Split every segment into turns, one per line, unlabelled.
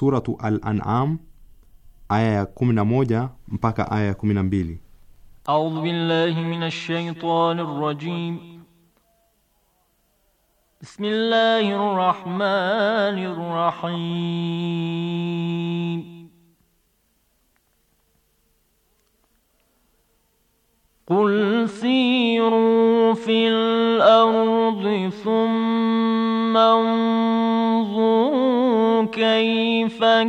Suratu Al-An'am aya ya 11 mpaka aya ya 12.
A'udhu billahi minash shaitanir rajim. Bismillahir rahmanir rahim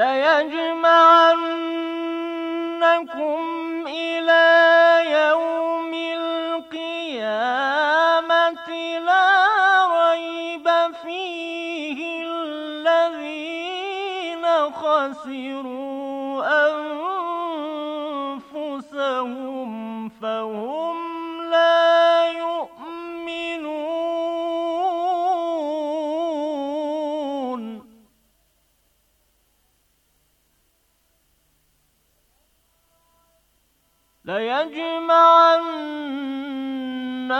ليجمعنكم إلى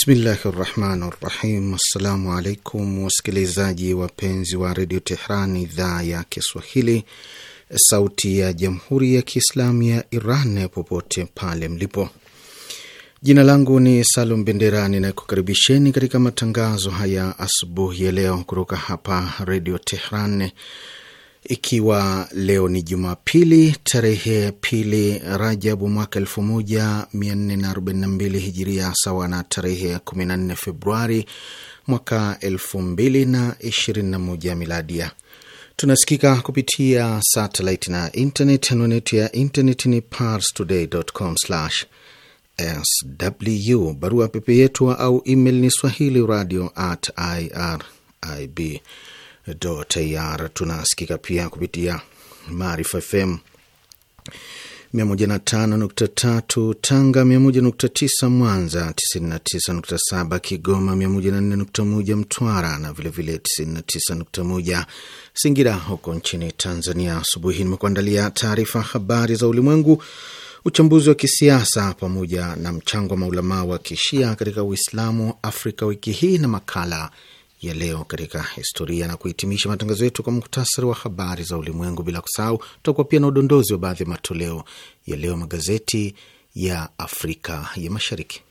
Bismillahi rahmani rahim. Assalamu alaikum wasikilizaji wapenzi wa redio Tehran, idhaa ya Kiswahili, sauti ya jamhuri ya kiislamu ya Iran, popote pale mlipo. Jina langu ni Salum Bendera, ninakukaribisheni katika matangazo haya asubuhi ya leo kutoka hapa redio Tehran ikiwa leo ni Jumapili tarehe pili Rajabu mwaka 1442 hijiria sawa na tarehe 14 Februari mwaka 2021 miladia. Tunasikika kupitia satelit na internet. Anwani yetu ya internet ni parstoday.com/sw. Barua pepe yetu au email ni swahili radio at irib ir. Tunasikika pia kupitia Maarifa FM 105.3 Tanga, 101.9 Mwanza, 99.7 Kigoma, 104.1 Mtwara na vilevile 99.1 Singida huko nchini Tanzania. Asubuhi nimekuandalia taarifa habari za ulimwengu, uchambuzi wa kisiasa, pamoja na mchango wa maulamaa wa kishia katika Uislamu Afrika wiki hii na makala ya leo katika historia na kuhitimisha matangazo yetu kwa muktasari wa habari za ulimwengu. Bila kusahau, tutakuwa pia na udondozi wa baadhi ya matoleo ya leo magazeti ya Afrika ya Mashariki.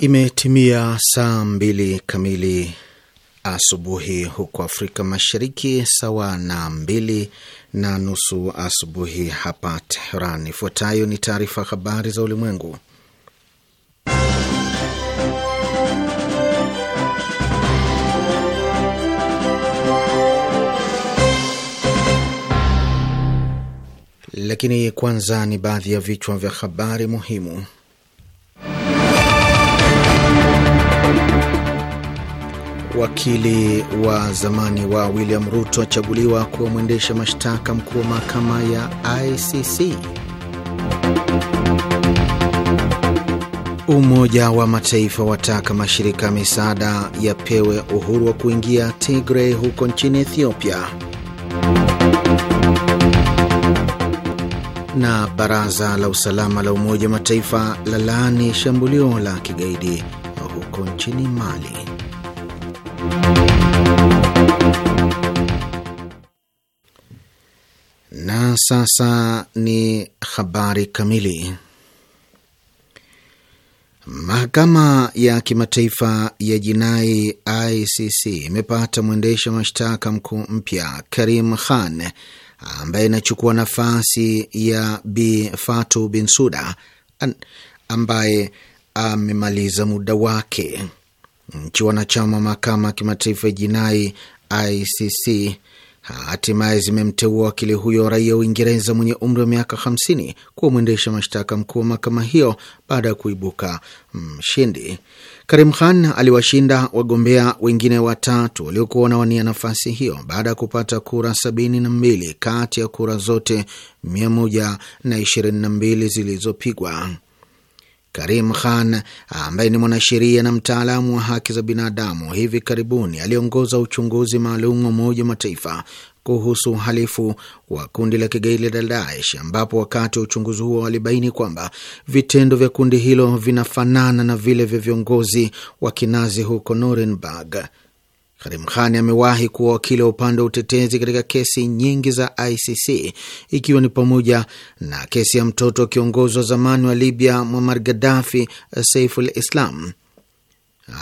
Imetimia saa mbili kamili asubuhi huko Afrika Mashariki, sawa na mbili na nusu asubuhi hapa Tehran. Ifuatayo ni taarifa habari za ulimwengu, lakini kwanza ni baadhi ya vichwa vya habari muhimu. Wakili wa zamani wa William Ruto achaguliwa kuwa mwendesha mashtaka mkuu wa mahakama ya ICC. Umoja wa Mataifa wataka mashirika ya misaada yapewe uhuru wa kuingia Tigray huko nchini Ethiopia. Na baraza la usalama la Umoja wa Mataifa laani shambulio la kigaidi huko nchini Mali. Na sasa ni habari kamili. Mahakama ya Kimataifa ya Jinai ICC imepata mwendesha mashtaka mkuu mpya Karim Khan ambaye inachukua nafasi ya Bi Fatu Bin Suda ambaye amemaliza muda wake nchi wanachama mahakama ya kimataifa ya jinai ICC hatimaye zimemteua wakili huyo raia wa Uingereza mwenye umri wa miaka 50 kuwa mwendesha mashtaka mkuu wa mahakama hiyo baada ya kuibuka mshindi. Karim Khan aliwashinda wagombea wengine watatu waliokuwa wanawania nafasi hiyo baada ya kupata kura 72 kati ya kura zote 122 zilizopigwa. Karim Khan ambaye ni mwanasheria na mtaalamu wa haki za binadamu, hivi karibuni aliongoza uchunguzi maalum wa Umoja wa Mataifa kuhusu uhalifu wa kundi la kigaidi la Daesh, ambapo wakati wa uchunguzi huo walibaini kwamba vitendo vya kundi hilo vinafanana na vile vya viongozi wa kinazi huko Nuremberg. Karim Khan amewahi kuwa wakili wa upande wa utetezi katika kesi nyingi za ICC ikiwa ni pamoja na kesi ya mtoto wa kiongozi wa zamani wa Libya Muammar Gaddafi, Saiful Islam.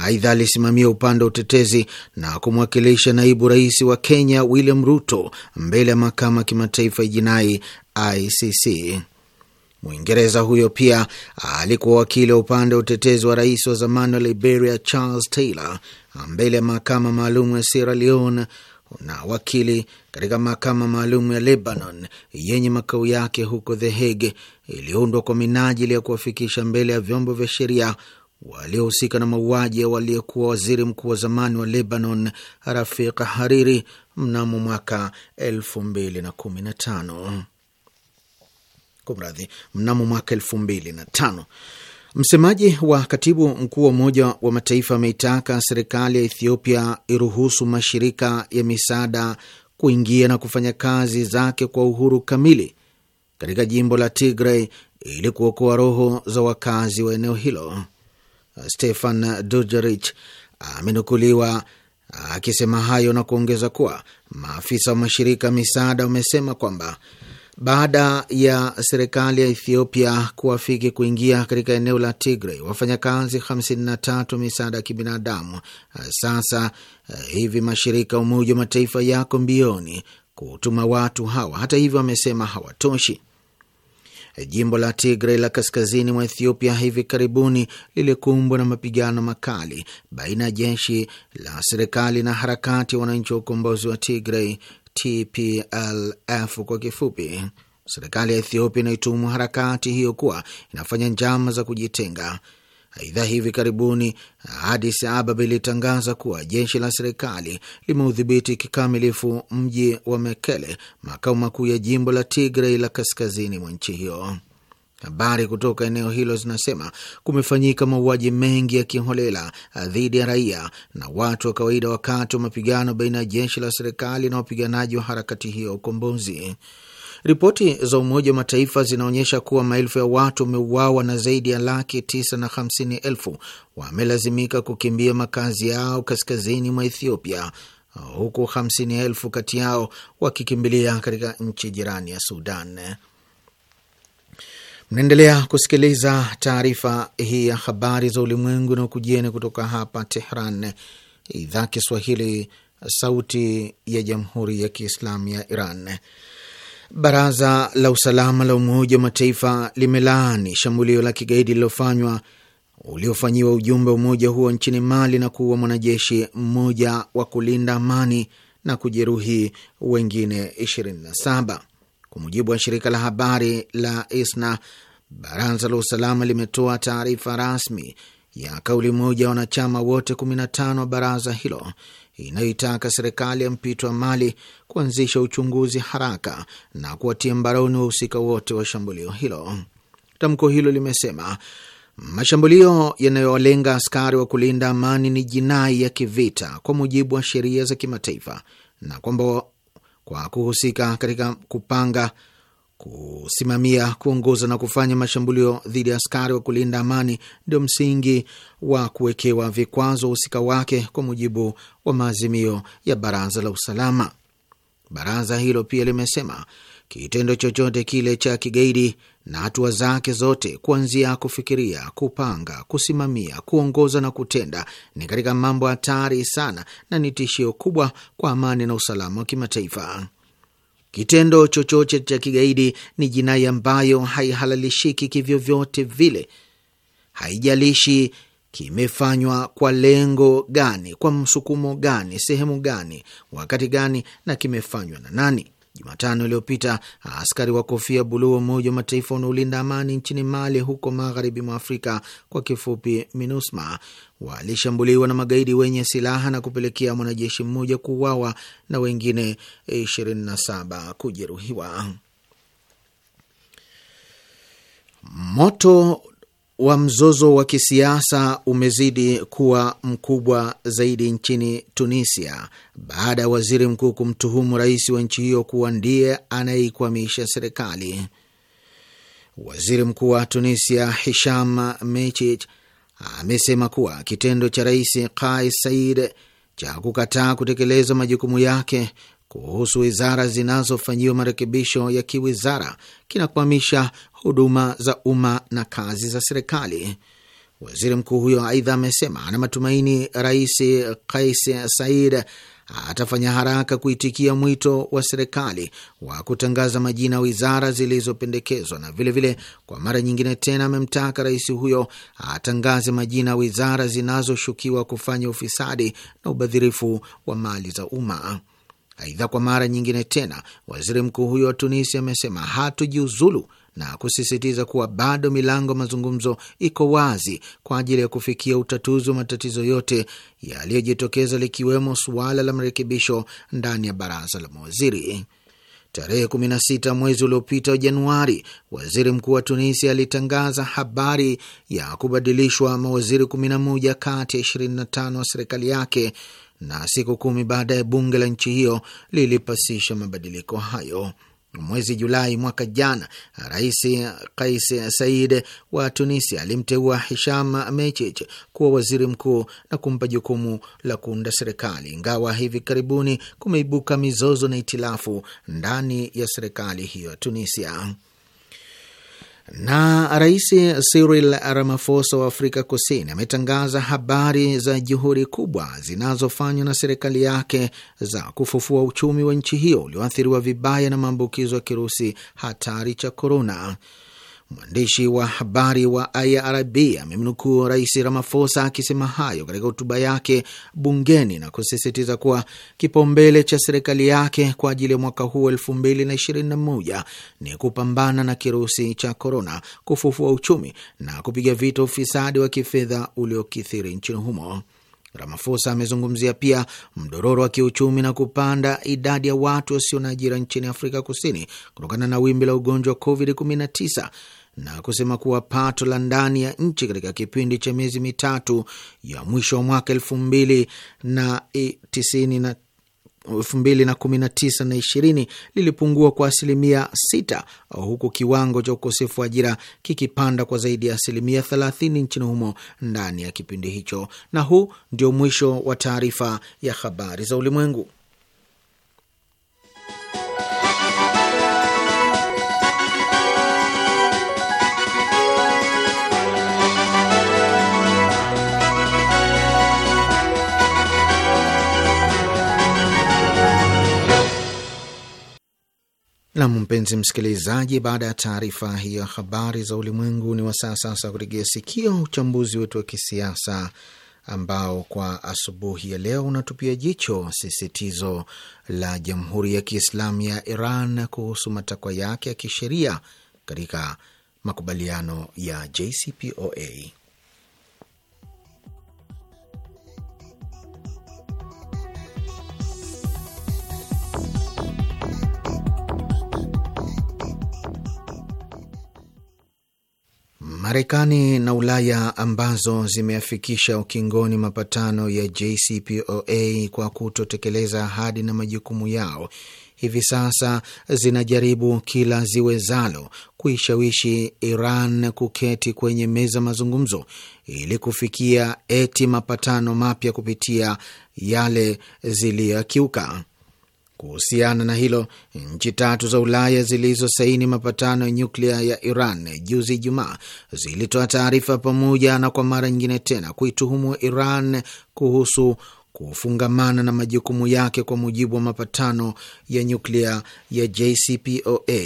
Aidha, alisimamia upande wa utetezi na kumwakilisha naibu rais wa Kenya William Ruto mbele ya mahakama ya kimataifa ya jinai ICC. Mwingereza huyo pia alikuwa wakili wa upande wa utetezi wa rais wa zamani wa Liberia Charles Taylor mbele ya mahakama maalum ya Sierra Leone na wakili katika mahakama maalum ya Lebanon yenye makao yake huko The Hague iliyoundwa kwa minajili ya kuwafikisha mbele ya vyombo vya sheria waliohusika na mauaji ya waliyekuwa waziri mkuu wa zamani wa Lebanon Rafiq Hariri mnamo mwaka 2015 kumradhi, mnamo mwaka tano. Msemaji wa katibu mkuu wa Umoja wa Mataifa ameitaka serikali ya Ethiopia iruhusu mashirika ya misaada kuingia na kufanya kazi zake kwa uhuru kamili katika jimbo la Tigray ili kuokoa roho za wakazi wa eneo hilo. Stefan Dujarric amenukuliwa akisema hayo na kuongeza kuwa maafisa wa mashirika ya misaada wamesema kwamba baada ya serikali ya Ethiopia kuwafiki kuingia katika eneo la Tigray, wafanyakazi 53 misaada ya kibinadamu sasa eh, hivi mashirika ya Umoja wa Mataifa yako mbioni kutuma watu hawa. Hata hivyo, wamesema hawatoshi. Jimbo la Tigray la kaskazini mwa Ethiopia hivi karibuni lilikumbwa na mapigano makali baina ya jeshi la serikali na harakati ya wananchi wa ukombozi wa Tigray TPLF kwa kifupi. Serikali ya Ethiopia inaituhumu harakati hiyo kuwa inafanya njama za kujitenga. Aidha, hivi karibuni Adis Ababa ilitangaza kuwa jeshi la serikali limeudhibiti kikamilifu mji wa Mekele, makao makuu ya jimbo la Tigrei la kaskazini mwa nchi hiyo. Habari kutoka eneo hilo zinasema kumefanyika mauaji mengi ya kiholela ah, dhidi ya raia na watu wa kawaida wakati wa mapigano baina ya jeshi la serikali na wapiganaji wa harakati hiyo ya ukombozi. Ripoti za Umoja wa Mataifa zinaonyesha kuwa maelfu ya watu wameuawa na zaidi ya laki tisa na hamsini elfu wamelazimika kukimbia makazi yao kaskazini mwa Ethiopia, huku hamsini elfu kati yao wakikimbilia katika nchi jirani ya Sudan. Mnaendelea kusikiliza taarifa hii ya habari za ulimwengu na ukujieni kutoka hapa Tehran, idhaa Kiswahili, sauti ya jamhuri ya kiislamu ya Iran. Baraza la usalama la Umoja wa Mataifa limelaani shambulio la kigaidi lililofanywa uliofanyiwa ujumbe wa umoja huo nchini Mali na kuua mwanajeshi mmoja wa kulinda amani na kujeruhi wengine 27. Kwa mujibu wa shirika la habari la ISNA, baraza la usalama limetoa taarifa rasmi ya kauli moja ya wanachama wote 15 wa baraza hilo inayoitaka serikali ya mpito wa Mali kuanzisha uchunguzi haraka na kuwatia mbaroni wahusika wote wa shambulio hilo. Tamko hilo limesema mashambulio yanayowalenga askari wa kulinda amani ni jinai ya kivita kwa mujibu wa sheria za kimataifa na kwamba kwa kuhusika katika kupanga, kusimamia, kuongoza na kufanya mashambulio dhidi ya askari wa kulinda amani ndio msingi wa kuwekewa vikwazo wahusika wake kwa mujibu wa maazimio ya Baraza la Usalama. Baraza hilo pia limesema kitendo chochote kile cha kigaidi na hatua zake zote, kuanzia kufikiria, kupanga, kusimamia, kuongoza na kutenda, ni katika mambo hatari sana na ni tishio kubwa kwa amani na usalama wa kimataifa. Kitendo chochote cha kigaidi ni jinai ambayo haihalalishiki kivyovyote vile, haijalishi kimefanywa kwa lengo gani, kwa msukumo gani, sehemu gani, wakati gani, na kimefanywa na nani. Jumatano iliyopita askari wa kofia buluu wa Umoja wa Mataifa wanaolinda amani nchini Mali, huko magharibi mwa Afrika, kwa kifupi MINUSMA, walishambuliwa na magaidi wenye silaha na kupelekea mwanajeshi mmoja kuuawa na wengine 27 kujeruhiwa. Moto wa mzozo wa kisiasa umezidi kuwa mkubwa zaidi nchini Tunisia baada ya waziri mkuu kumtuhumu rais wa nchi hiyo kuwa ndiye anayeikwamisha serikali. Waziri mkuu wa Tunisia Hisham Mechich amesema kuwa kitendo cha rais Kais Said cha kukataa kutekeleza majukumu yake kuhusu wizara zinazofanyiwa marekebisho ya kiwizara kinakwamisha huduma za umma na kazi za serikali. Waziri mkuu huyo aidha amesema ana matumaini Rais Kais Said atafanya haraka kuitikia mwito wa serikali wa kutangaza majina wizara zilizopendekezwa, na vilevile vile, kwa mara nyingine tena amemtaka rais huyo atangaze majina wizara zinazoshukiwa kufanya ufisadi na ubadhirifu wa mali za umma. Aidha, kwa mara nyingine tena waziri mkuu huyo wa Tunisia amesema hatujiuzulu na kusisitiza kuwa bado milango mazungumzo iko wazi kwa ajili ya kufikia utatuzi wa matatizo yote yaliyojitokeza likiwemo suala la marekebisho ndani ya baraza la mawaziri. Tarehe 16 mwezi uliopita wa Januari, waziri mkuu wa Tunisia alitangaza habari ya kubadilishwa mawaziri 11 kati ya 25 wa serikali yake na siku kumi baada ya bunge la nchi hiyo lilipasisha mabadiliko hayo. Mwezi Julai mwaka jana, Rais Kais Said wa Tunisia alimteua Hisham Mechich kuwa waziri mkuu na kumpa jukumu la kuunda serikali, ingawa hivi karibuni kumeibuka mizozo na itilafu ndani ya serikali hiyo ya Tunisia. Na Rais Cyril Ramaphosa wa Afrika Kusini ametangaza habari za juhudi kubwa zinazofanywa na serikali yake za kufufua uchumi wa nchi hiyo ulioathiriwa vibaya na maambukizo ya kirusi hatari cha korona. Mwandishi wa habari wa irb amemnukuu Rais Ramaphosa akisema hayo katika hotuba yake bungeni na kusisitiza kuwa kipaumbele cha serikali yake kwa ajili ya mwaka huu 221 ni kupambana na kirusi cha korona, kufufua uchumi na kupiga vita ufisadi wa kifedha uliokithiri nchini humo. Ramaphosa amezungumzia pia mdororo wa kiuchumi na kupanda idadi ya watu wasio na ajira nchini Afrika Kusini kutokana na wimbi la ugonjwa wa COVID-19 na kusema kuwa pato la ndani ya nchi katika kipindi cha miezi mitatu ya mwisho wa mwaka elfu mbili na tisini na elfu mbili na kumi na tisa na ishirini lilipungua kwa asilimia sita huku kiwango cha ukosefu wa ajira kikipanda kwa zaidi ya asilimia thelathini nchini humo ndani ya kipindi hicho. Na huu ndio mwisho wa taarifa ya habari za ulimwengu. Nam, mpenzi msikilizaji, baada ya taarifa hiyo habari za ulimwengu, ni wasaa sasa kurejea sikio uchambuzi wetu wa kisiasa ambao kwa asubuhi ya leo unatupia jicho sisitizo la Jamhuri ya Kiislamu ya Iran kuhusu matakwa yake ya kisheria katika makubaliano ya JCPOA. Marekani na Ulaya ambazo zimeafikisha ukingoni mapatano ya JCPOA kwa kutotekeleza ahadi na majukumu yao, hivi sasa zinajaribu kila ziwezalo kuishawishi Iran kuketi kwenye meza mazungumzo ili kufikia eti mapatano mapya kupitia yale ziliyokiuka. Kuhusiana na hilo, nchi tatu za Ulaya zilizosaini mapatano ya nyuklia ya Iran juzi Ijumaa zilitoa taarifa pamoja na kwa mara nyingine tena kuituhumu Iran kuhusu kufungamana na majukumu yake kwa mujibu wa mapatano ya nyuklia ya JCPOA.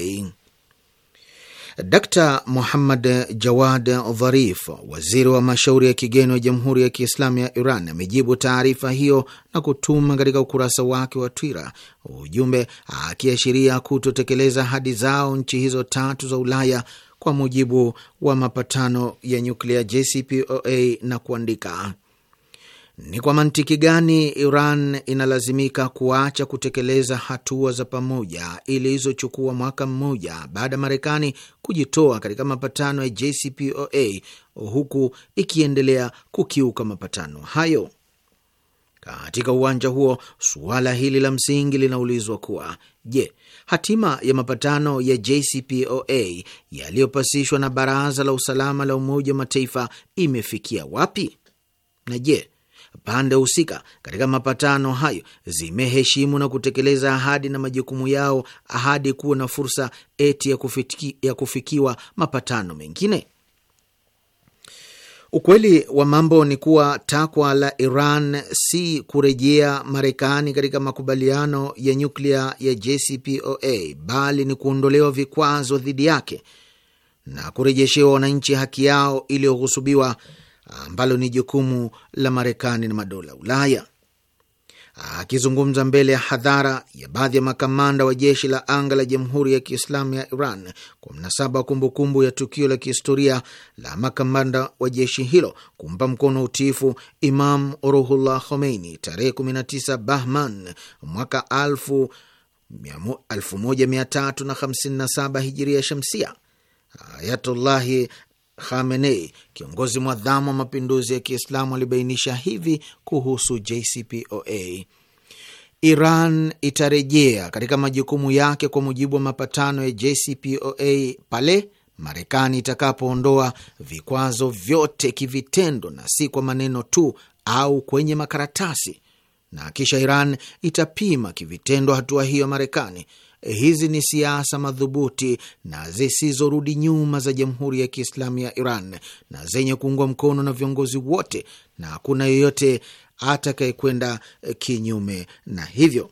Dr Muhammad Jawad Dharif, waziri wa mashauri ya kigeni wa Jamhuri ya Kiislamu ya Iran, amejibu taarifa hiyo na kutuma katika ukurasa wake wa Twitter ujumbe akiashiria kutotekeleza ahadi zao nchi hizo tatu za Ulaya kwa mujibu wa mapatano ya nyuklia JCPOA na kuandika ni kwa mantiki gani Iran inalazimika kuacha kutekeleza hatua za pamoja ilizochukua mwaka mmoja baada ya Marekani kujitoa katika mapatano ya JCPOA huku ikiendelea kukiuka mapatano hayo? Katika uwanja huo, suala hili la msingi linaulizwa kuwa je, hatima ya mapatano ya JCPOA yaliyopasishwa na Baraza la Usalama la Umoja wa Mataifa imefikia wapi? Na je pande husika katika mapatano hayo zimeheshimu na kutekeleza ahadi na majukumu yao ahadi kuwa na fursa eti ya, kufiki, ya kufikiwa mapatano mengine. Ukweli wa mambo ni kuwa takwa la Iran si kurejea Marekani katika makubaliano ya nyuklia ya JCPOA bali ni kuondolewa vikwazo dhidi yake na kurejeshewa wananchi haki yao iliyoghusubiwa ambalo ni jukumu la Marekani na madola Ulaya. Akizungumza mbele ya hadhara ya baadhi ya makamanda wa jeshi la anga la Jamhuri ya Kiislamu ya Iran kwa mnasaba wa kumbukumbu ya tukio la kihistoria la makamanda wa jeshi hilo kumpa mkono utiifu Imam Ruhullah Khomeini tarehe 19 Bahman mwaka 1357 hijiria shamsia, Ayatullahi Khamenei, kiongozi mwadhamu wa mapinduzi ya Kiislamu, alibainisha hivi kuhusu JCPOA: Iran itarejea katika majukumu yake kwa mujibu wa mapatano ya JCPOA pale Marekani itakapoondoa vikwazo vyote kivitendo na si kwa maneno tu au kwenye makaratasi, na kisha Iran itapima kivitendo hatua hiyo Marekani Eh, hizi ni siasa madhubuti na zisizorudi nyuma za Jamhuri ya Kiislamu ya Iran na zenye kuungwa mkono na viongozi wote, na hakuna yeyote atakayekwenda eh, kinyume na hivyo.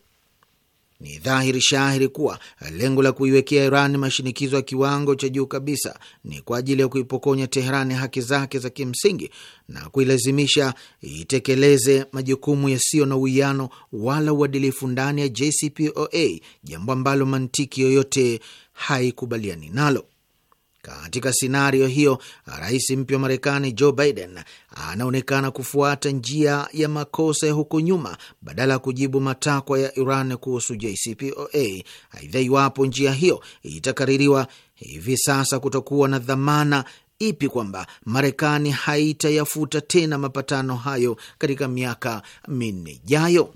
Ni dhahiri shahiri kuwa lengo la kuiwekea Iran mashinikizo ya kiwango cha juu kabisa ni kwa ajili ya kuipokonya Teherani haki zake za kimsingi na kuilazimisha itekeleze majukumu yasiyo na uwiano wala uadilifu ndani ya JCPOA, jambo ambalo mantiki yoyote haikubaliani nalo. Katika sinario hiyo, rais mpya wa Marekani Joe Biden anaonekana kufuata njia ya makosa ya huko nyuma badala ya kujibu matakwa ya Iran kuhusu JCPOA. Aidha, iwapo njia hiyo itakaririwa, hivi sasa kutokuwa na dhamana ipi kwamba Marekani haitayafuta tena mapatano hayo katika miaka minne ijayo.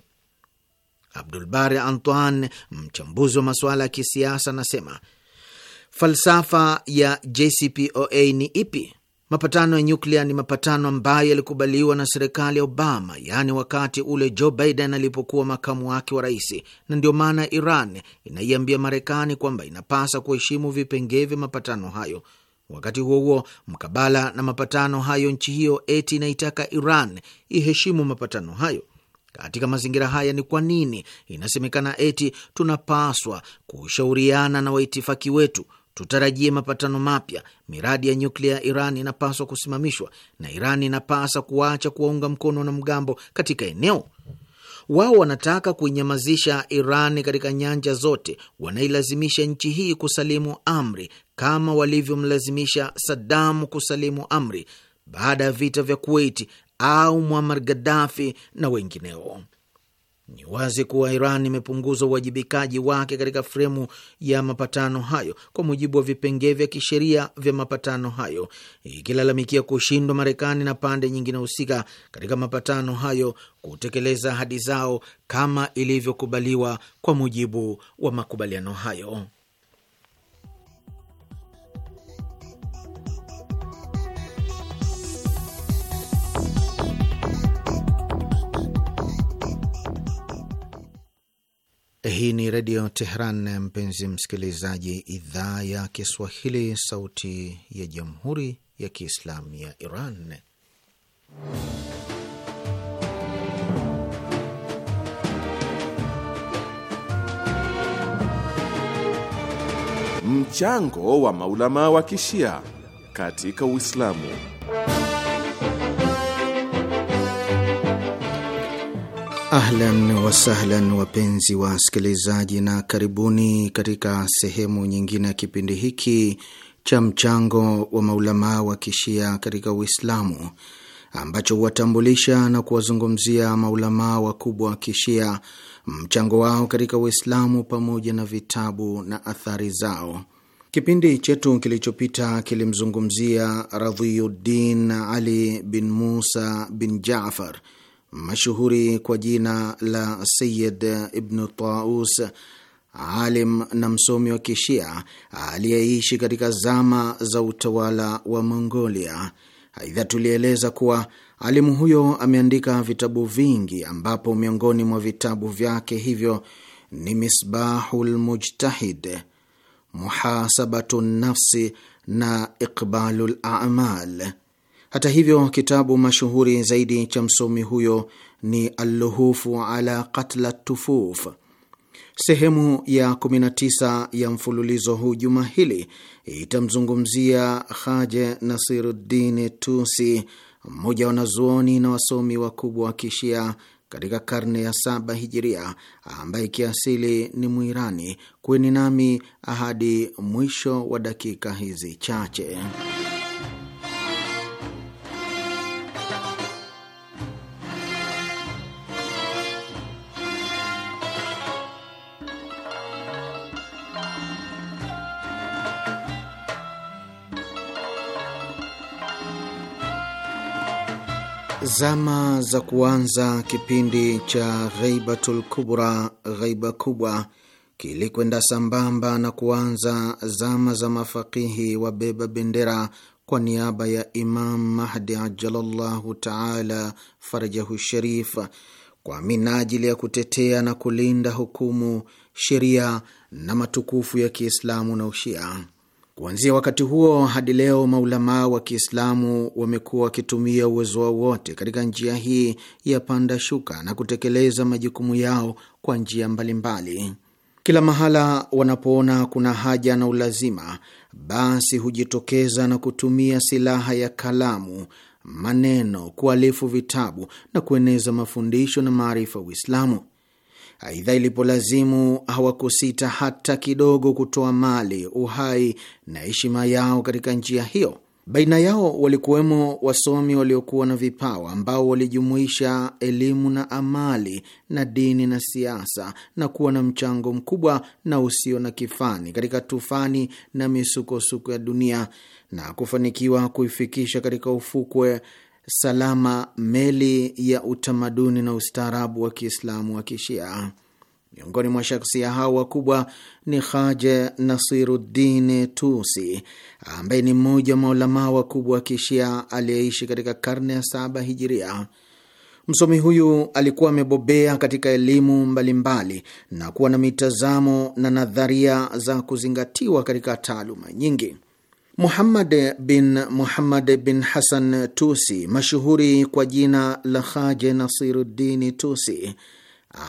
Abdul Bari Antoine, mchambuzi wa masuala ya kisiasa, anasema Falsafa ya JCPOA ni ipi? Mapatano ya nyuklia ni mapatano ambayo yalikubaliwa na serikali ya Obama, yaani wakati ule Joe Biden alipokuwa makamu wake wa rais, na ndio maana Iran inaiambia Marekani kwamba inapasa kuheshimu vipengee vya mapatano hayo. Wakati huo huo, mkabala na mapatano hayo, nchi hiyo eti inaitaka Iran iheshimu mapatano hayo. Katika mazingira haya, ni kwa nini inasemekana eti tunapaswa kushauriana na waitifaki wetu tutarajie mapatano mapya. Miradi ya nyuklia ya Iran inapaswa kusimamishwa na Iran inapasa kuwaacha kuwaunga mkono mgambo katika eneo. Wao wanataka kuinyamazisha Iran katika nyanja zote, wanailazimisha nchi hii kusalimu amri kama walivyomlazimisha Sadamu kusalimu amri baada ya vita vya Kuwaiti au Muammar Gaddafi na wengineo. Ni wazi kuwa Iran imepunguza uwajibikaji wake katika fremu ya mapatano hayo kwa mujibu wa vipengee vya kisheria vya mapatano hayo, ikilalamikia kushindwa Marekani na pande nyingine husika katika mapatano hayo kutekeleza ahadi zao kama ilivyokubaliwa kwa mujibu wa makubaliano hayo. Hii ni Redio Tehran, mpenzi msikilizaji, idhaa ya Kiswahili, sauti ya Jamhuri ya Kiislamu ya Iran.
Mchango wa maulama wa kishia katika Uislamu.
Ahlan wasahlan, wapenzi wasikilizaji, na karibuni katika sehemu nyingine ya kipindi hiki cha mchango wa maulamaa wa kishia katika Uislamu ambacho huwatambulisha na kuwazungumzia maulamaa wakubwa wa kishia, mchango wao katika Uislamu pamoja na vitabu na athari zao. Kipindi chetu kilichopita kilimzungumzia Radhiyuddin Ali bin Musa bin Jafar mashuhuri kwa jina la Sayid Ibnu Taus, alim na msomi wa Kishia aliyeishi katika zama za utawala wa Mongolia. Aidha, tulieleza kuwa alimu huyo ameandika vitabu vingi, ambapo miongoni mwa vitabu vyake hivyo ni Misbahu lmujtahid, Muhasabatu nafsi na Iqbalu lamal. Hata hivyo, kitabu mashuhuri zaidi cha msomi huyo ni Alluhufu ala Katla Tufuf. Sehemu ya 19 ya mfululizo huu juma hili itamzungumzia Haje Nasiruddin Tusi, mmoja wa wanazuoni na wasomi wakubwa wa kishia katika karne ya saba hijiria, ambaye kiasili ni Mwirani. Kweni nami ahadi mwisho wa dakika hizi chache. Zama za kuanza kipindi cha Ghaibatul Kubra, ghaiba kubwa, kilikwenda sambamba na kuanza zama za mafakihi wabeba bendera kwa niaba ya Imam Mahdi ajalallahu taala farajahu sharif kwa minajili ya kutetea na kulinda hukumu, sheria na matukufu ya Kiislamu na Ushia. Kuanzia wakati huo hadi leo maulamaa wa Kiislamu wamekuwa wakitumia uwezo wao wote katika njia hii ya panda shuka na kutekeleza majukumu yao kwa njia mbalimbali. Kila mahala wanapoona kuna haja na ulazima, basi hujitokeza na kutumia silaha ya kalamu, maneno, kualifu vitabu na kueneza mafundisho na maarifa Uislamu. Aidha, ilipolazimu hawakusita hata kidogo kutoa mali, uhai na heshima yao katika njia hiyo. Baina yao walikuwemo wasomi waliokuwa na vipawa ambao walijumuisha elimu na amali na dini na siasa na kuwa na mchango mkubwa na usio na kifani katika tufani na misukosuko ya dunia na kufanikiwa kuifikisha katika ufukwe salama meli ya utamaduni na ustaarabu wa Kiislamu wa Kishia. Miongoni mwa shaksia hao wakubwa ni Haje Nasiruddin Tusi, ambaye ni mmoja wa maulamaa wakubwa wa Kishia aliyeishi katika karne ya saba Hijiria. Msomi huyu alikuwa amebobea katika elimu mbalimbali na kuwa na mitazamo na nadharia za kuzingatiwa katika taaluma nyingi. Muhammad bin Muhammad bin Hasan Tusi, mashuhuri kwa jina la Haje Nasiruddini Tusi,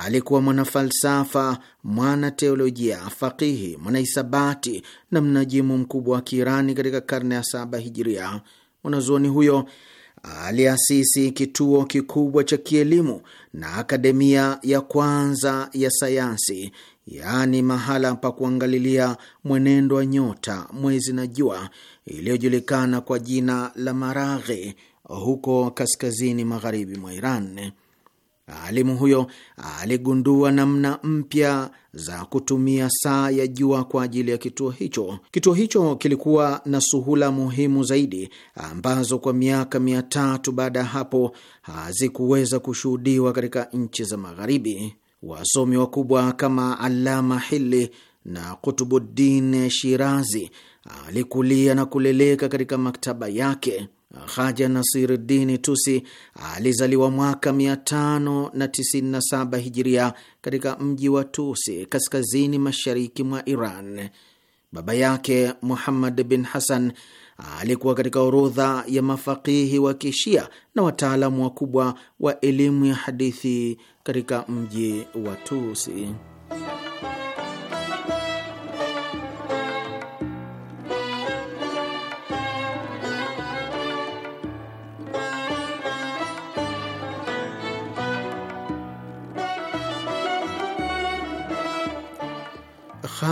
alikuwa mwanafalsafa, mwanateolojia, faqihi, mwanahisabati na mnajimu mkubwa wa Kiirani katika karne ya saba Hijiria. Mwanazuoni huyo aliasisi kituo kikubwa cha kielimu na akademia ya kwanza ya sayansi yaani mahala pa kuangalilia mwenendo wa nyota, mwezi na jua, iliyojulikana kwa jina la Maraghe huko kaskazini magharibi mwa Iran. Alimu huyo aligundua namna mpya za kutumia saa ya jua kwa ajili ya kituo hicho. Kituo hicho kilikuwa na suhula muhimu zaidi ambazo kwa miaka mia tatu baada ya hapo hazikuweza kushuhudiwa katika nchi za Magharibi. Wasomi wakubwa kama alama Hili na Kutubuddin Shirazi alikulia na kuleleka katika maktaba yake. Haja nasirdini Tusi alizaliwa mwaka 597 hijiria katika mji wa Tusi, kaskazini mashariki mwa Iran. Baba yake Muhammad bin Hasan alikuwa katika orodha ya mafakihi wa kishia na wataalamu wakubwa wa elimu ya hadithi katika mji wa Tusi.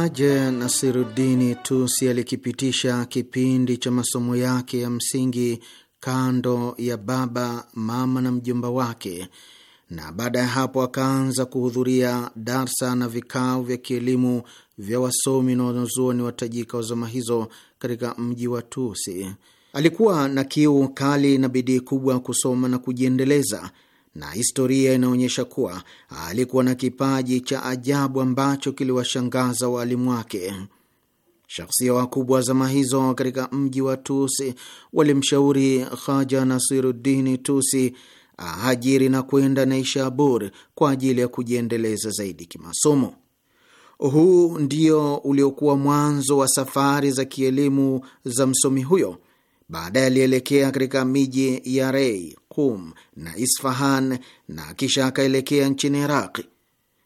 Haja nasirudini Tusi alikipitisha kipindi cha masomo yake ya msingi kando ya baba, mama na mjomba wake, na baada ya hapo akaanza kuhudhuria darsa na vikao vya kielimu vya wasomi na wanazuoni watajika wa zama hizo katika mji wa Tusi. Alikuwa na kiu kali na bidii kubwa kusoma na kujiendeleza na historia inaonyesha kuwa alikuwa na kipaji cha ajabu ambacho kiliwashangaza waalimu wake. Shakhsia wakubwa zama hizo katika mji wa Tusi walimshauri Haja Nasirudini Tusi ahajiri na kwenda Naishabur kwa ajili ya kujiendeleza zaidi kimasomo. Huu ndio uliokuwa mwanzo wa safari za kielimu za msomi huyo. Baadaye alielekea katika miji ya Rei, Qum na Isfahan na kisha akaelekea nchini Iraqi.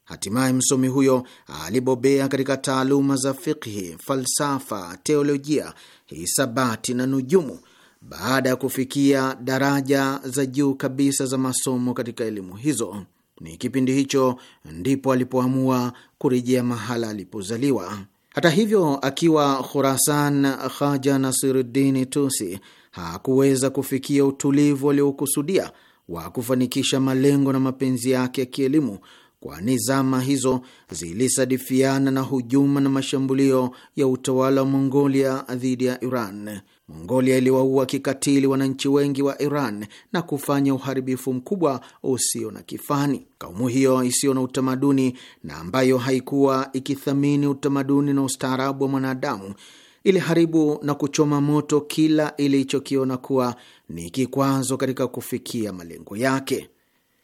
Hatimaye msomi huyo alibobea katika taaluma za fikhi, falsafa, teolojia, hisabati na nujumu baada ya kufikia daraja za juu kabisa za masomo katika elimu hizo. Ni kipindi hicho ndipo alipoamua kurejea mahala alipozaliwa. Hata hivyo, akiwa Khurasan, Khaja Nasiruddini Tusi hakuweza kufikia utulivu aliokusudia wa kufanikisha malengo na mapenzi yake ya kielimu, kwani zama hizo zilisadifiana na hujuma na mashambulio ya utawala wa Mongolia dhidi ya Iran. Mongolia iliwaua kikatili wananchi wengi wa Iran na kufanya uharibifu mkubwa usio na kifani. Kaumu hiyo isiyo na utamaduni na ambayo haikuwa ikithamini utamaduni na ustaarabu wa mwanadamu iliharibu na kuchoma moto kila ilichokiona kuwa ni kikwazo katika kufikia malengo yake.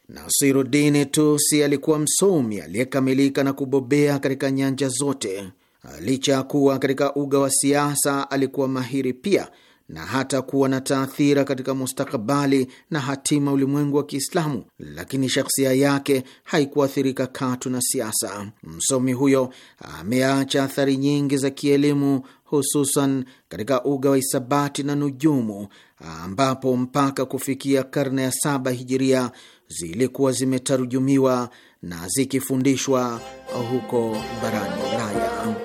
Nasirudini Tusi alikuwa msomi aliyekamilika na kubobea katika nyanja zote. Licha ya kuwa katika uga wa siasa alikuwa mahiri pia na hata kuwa na taathira katika mustakabali na hatima ulimwengu wa Kiislamu, lakini shakhsia yake haikuathirika katu na siasa. Msomi huyo ameacha athari nyingi za kielimu hususan katika uga wa isabati na nujumu, ambapo mpaka kufikia karne ya saba hijiria zilikuwa zimetarujumiwa na zikifundishwa huko barani Ulaya.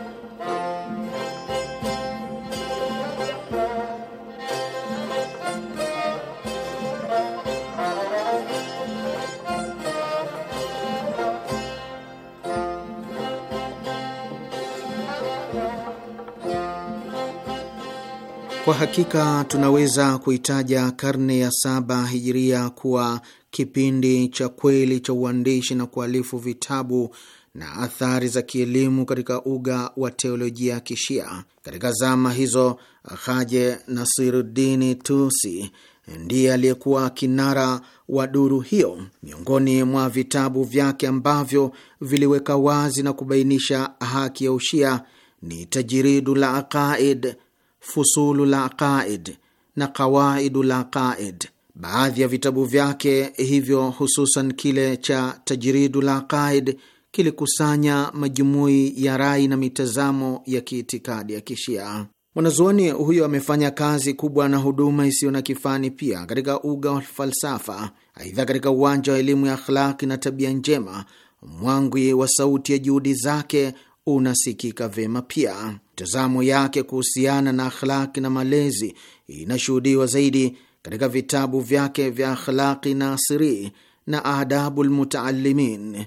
Kwa hakika tunaweza kuitaja karne ya saba hijiria kuwa kipindi cha kweli cha uandishi na kualifu vitabu na athari za kielimu katika uga wa teolojia Kishia. Katika zama hizo, Haje Nasirudini Tusi ndiye aliyekuwa kinara wa duru hiyo. Miongoni mwa vitabu vyake ambavyo viliweka wazi na kubainisha haki ya Ushia ni Tajiridu la Aqaid Fusulul Aqaid na Qawaidul Aqaid. Baadhi ya vitabu vyake hivyo, hususan kile cha Tajridul Aqaid kilikusanya majumui ya rai na mitazamo ya kiitikadi ya Kishia. Mwanazuoni huyo amefanya kazi kubwa na huduma isiyo na kifani pia katika uga wa falsafa. Aidha, katika uwanja wa elimu ya akhlaki na tabia njema, mwangwi wa sauti ya juhudi zake unasikika vema pia. Mtazamo yake kuhusiana na akhlaki na malezi inashuhudiwa zaidi katika vitabu vyake vya Akhlaqi Nasiri na Adabu Lmutaalimin.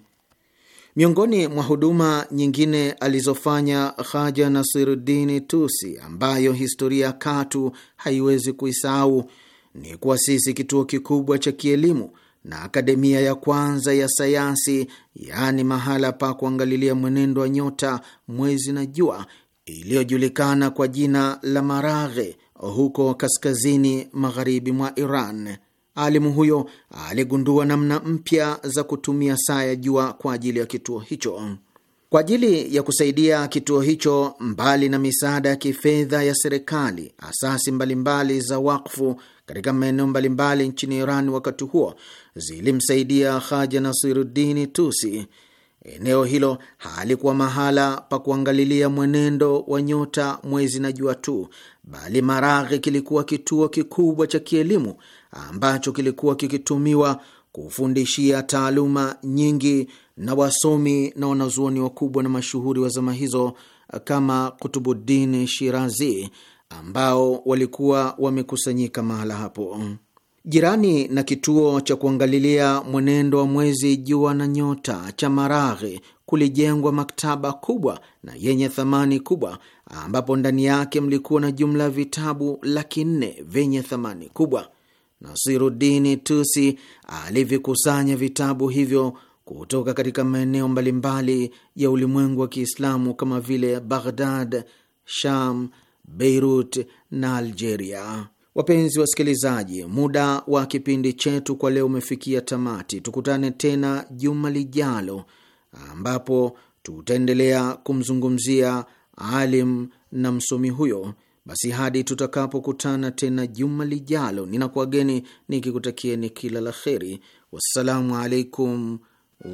Miongoni mwa huduma nyingine alizofanya Haja Nasiruddini Tusi, ambayo historia katu haiwezi kuisahau, ni kuasisi kituo kikubwa cha kielimu na akademia ya kwanza ya sayansi, yaani mahala pa kuangalilia mwenendo wa nyota, mwezi na jua iliyojulikana kwa jina la Maraghe huko kaskazini magharibi mwa Iran. Alimu huyo aligundua namna mpya za kutumia saa ya jua kwa ajili ya kituo hicho. Kwa ajili ya kusaidia kituo hicho, mbali na misaada ya kifedha ya serikali, asasi mbalimbali mbali za wakfu katika maeneo mbalimbali nchini Iran wakati huo zilimsaidia Haja Nasiruddini Tusi Eneo hilo halikuwa mahala pa kuangalilia mwenendo wa nyota, mwezi na jua tu, bali Maraghi kilikuwa kituo kikubwa cha kielimu ambacho kilikuwa kikitumiwa kufundishia taaluma nyingi na wasomi na wanazuoni wakubwa na mashuhuri wa zama hizo kama Kutubuddin Shirazi ambao walikuwa wamekusanyika mahala hapo jirani na kituo cha kuangalilia mwenendo wa mwezi, jua na nyota cha Maraghi kulijengwa maktaba kubwa na yenye thamani kubwa, ambapo ndani yake mlikuwa na jumla ya vitabu laki nne vyenye thamani kubwa. Nasirudini Tusi alivikusanya vitabu hivyo kutoka katika maeneo mbalimbali ya ulimwengu wa Kiislamu kama vile Baghdad, Sham, Beirut na Algeria. Wapenzi wasikilizaji, muda wa kipindi chetu kwa leo umefikia tamati. Tukutane tena juma lijalo, ambapo tutaendelea kumzungumzia alim na msomi huyo. Basi hadi tutakapokutana tena juma lijalo, ninakuwageni nikikutakieni kila la kheri. Wassalamu alaikum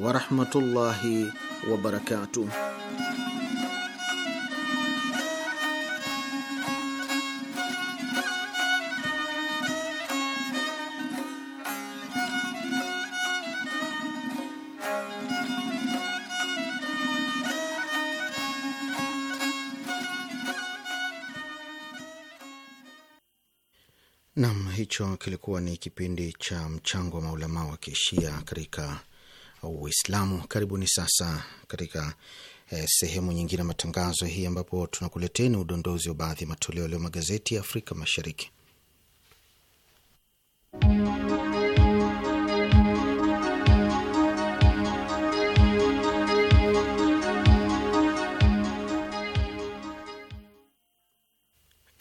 warahmatullahi wabarakatuh. Nam, hicho kilikuwa ni kipindi cha mchango wa maulamaa wa kishia katika Uislamu. Karibuni sasa katika eh, sehemu nyingine ya matangazo hii ambapo tunakuleteni udondozi wa baadhi ya matoleo leo magazeti ya Afrika Mashariki